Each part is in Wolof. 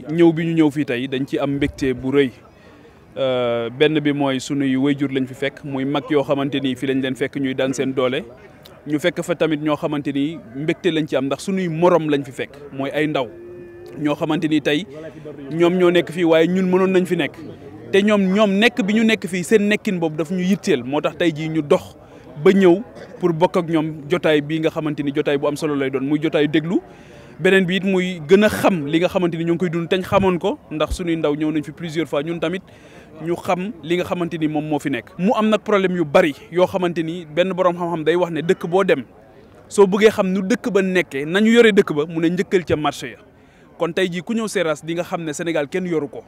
ñëw bi ñu ñëw fii tey dañ ci am mbégte bu rëy euh, benn bi mooy sunuy wayjur lañ fi fekk muy mag yoo xamante ni fii lañ leen fekk ñuy daan seen doole ñu fekk fa tamit ñoo xamante ni mbégte lañ ci am ndax sunuy morom lañ fi fekk mooy ay ndaw ñoo xamante ni tey ñoom ñoo nekk fii waaye ñun mënoon nañ fi nekk te ñoom ñoom nekk bi ñu nekk fii seen nekkin boobu daf ñu yitteel moo tax tey jii ñu dox ba ñëw pour bokk ak ñoom jotaay bii nga xamante ni jotaay bu am solo lay doon muy jotaay deglu beneen biit muy gën a xam li nga xamante ni ñu ngi koy dund teñ xamoon ko ndax suñuy ndaw ñëw nañ fi plusieurs fois ñun tamit ñu xam li nga xamante ni moom moo fi nekk. mu am nag problème yu bari yoo xamante ni benn borom xam-xam day wax ne dëkk boo dem soo buggee xam nu dëkk ba nekkee nañu yore dëkk ba mu ne njëkkal ca marché ya kon tey jii ku ñëw Seras di nga xam ne Sénégal kenn yoru ko.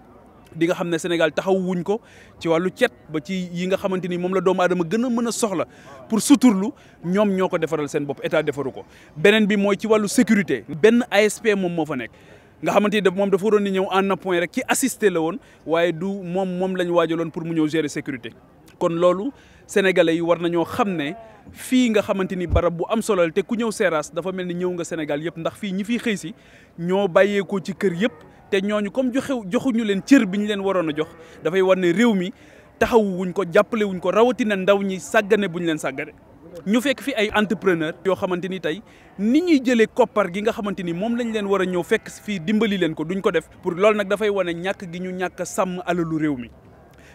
di nga xam ne Sénégal taxaw wuñ ko ci wàllu cet ba ci yi nga xamante ni moom la doomu aadama gën a mën a soxla pour suturlu ñoom ñoo ko defaral seen bopp état defaru ko beneen bi mooy ci wàllu sécurité benn ASP moom moo fa nekk nga xamante ni moom dafa waroon ni ñëw en appoint rek ci assister la woon waaye du moom moom lañ waajaloon pour mu ñëw gérer sécurité kon loolu sénégalais yi war ñoo xam ne fii nga xamante ni barab bu am solo te ku ñëw Seras dafa mel ni ñëw nga Sénégal yëpp ndax fii ñi fiy xëy si ñoo bàyyeekoo ci kër yëpp te ñooñu comme joxew joxuñu leen cër bi ñu leen waroon a jox dafay war ne réew mi taxawu ko jàppale ko rawatina ndaw ñi sàggane ñu leen sàggane. ñu fekk fi ay entrepreneur yoo xamante ni tey ni ñuy jëlee koppar gi nga xamante ni moom lañ leen war a ñëw fekk fii dimbali leen ko duñ ko def pour loolu nag dafay wane ñàkk gi ñu ñàkk sàmm alalu réew mi.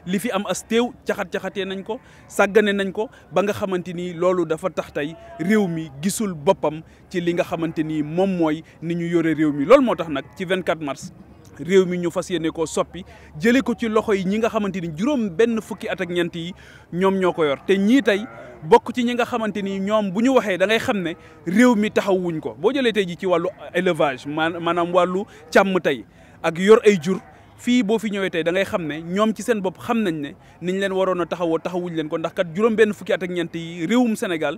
li fi am as teew caxat-caxatee nañ ko sàggane nañ ko ba nga xamante ni loolu dafa tax tey réew mi gisul boppam ci li nga xamante ni moom mooy ni ñu yore réew mi loolu moo tax nag ci vingt 24 mars réew mi ñu fas yéene koo soppi jëlee ko ci loxo yi ñi nga xamante ni juróom benn fukki at ak ñeent yi ñoom ñoo ko yor te ñii tey bokk ci ñi nga xamante ni ñoom bu ñu waxee da xam ne réew mi taxawuñ ko boo jëlee tey ji ci wàllu élevage maanaam wàllu càmm tey ak yor ay jur fi bo fi ñëwé tay da ngay xamné ñom ci seen bop xam nañ ne niñ leen warono taxawu taxawuñ leen ko ndax kat juroom ben fukki at ak ñent yi réewum Sénégal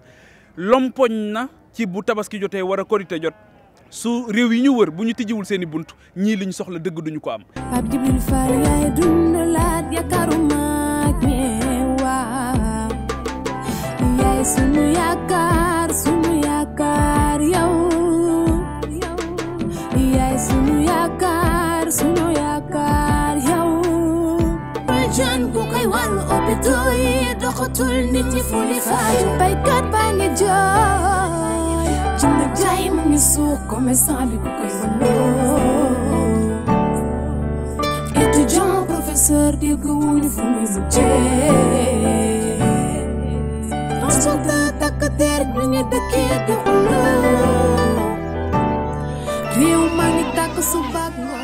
lompoñ na ci bu tabaski jotee wara ko rité jot su réew yi ñu wër bu ñu tijjiwul seeni buntu ñi liñ soxla dëgg duñu ko am ab jibril faal yaay dund laat yaakaaru maag ñeewaa yaay sunu yaakaar sunu yakar yow dyan kung kay wal o pitoy Doko tul ni ti fulifad Paikat pa ni joy Jum nagday mga suko May sabi ko kay walo Ito dyan professor di gawin Fu may zubjay Asya tatakater de dakit ako lo Rio manita ko subag mo